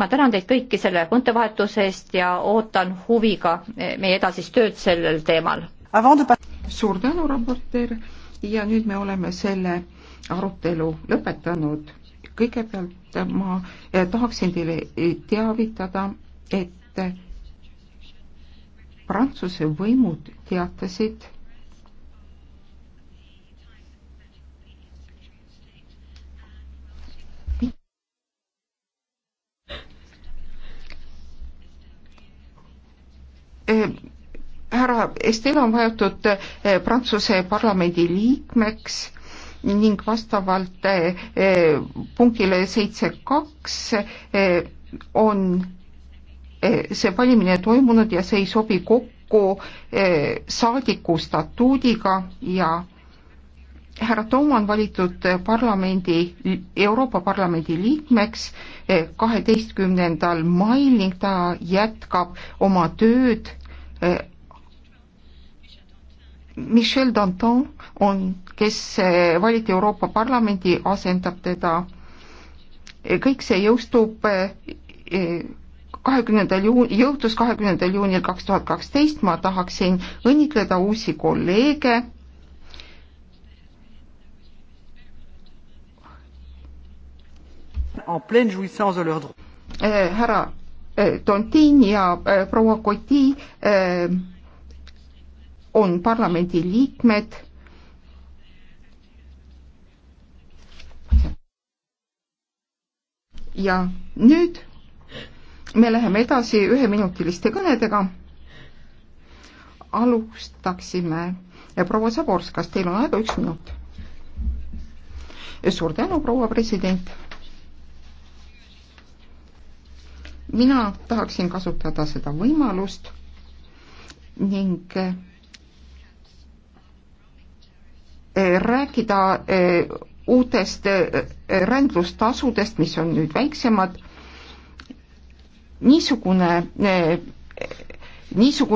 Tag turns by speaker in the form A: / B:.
A: ma tänan teid kõiki selle mõttevahetuse eest ja ootan huviga eh, meie edasist tööd sellel teemal. suur tänu, raportöör ja nüüd me oleme selle arutelu lõpetanud. kõigepealt ma eh, tahaksin teile eh, teavitada, et Prantsuse võimud teatasid Eh, härra Estel on võetud eh, Prantsuse parlamendi liikmeks ning vastavalt eh, punktile seitse kaks on see valimine toimunud ja see ei sobi kokku saadiku statuudiga ja härra Toom on valitud parlamendi, Euroopa Parlamendi liikmeks kaheteistkümnendal mail ning ta jätkab oma tööd Äh, Michel Danton on, kes äh, valiti Euroopa Parlamendi, asendab teda. Äh, kõik see jõustub kahekümnendal juun-, jõudus kahekümnendal juunil kaks tuhat kaksteist, ma tahaksin õnnitleda uusi kolleege. härra Eh, Tontin ja eh, proua Koti eh, on parlamendi liikmed. ja nüüd me läheme edasi üheminutiliste kõnedega. alustaksime proua Saborsk, kas teil on aega üks minut? suur tänu, proua president mina tahaksin kasutada seda võimalust ning eh, rääkida eh, uutest eh, rändlustasudest, mis on nüüd väiksemad, niisugune, niisugune